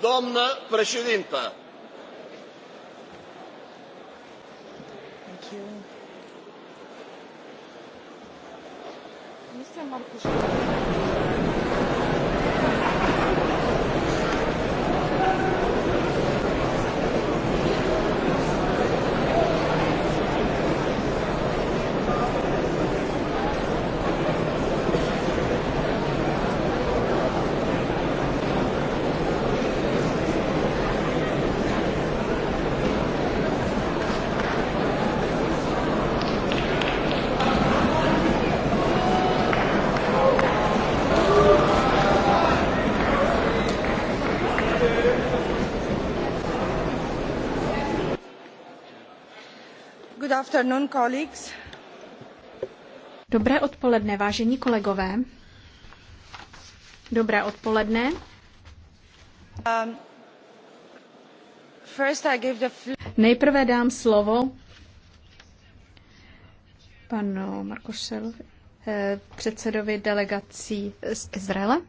Doamnă președintă! Mr. Marcus. Dobré odpoledne, vážení kolegové. Dobré odpoledne. Um, Nejprve dám slovo panu Markošelovi, eh, předsedovi delegací z Izraele.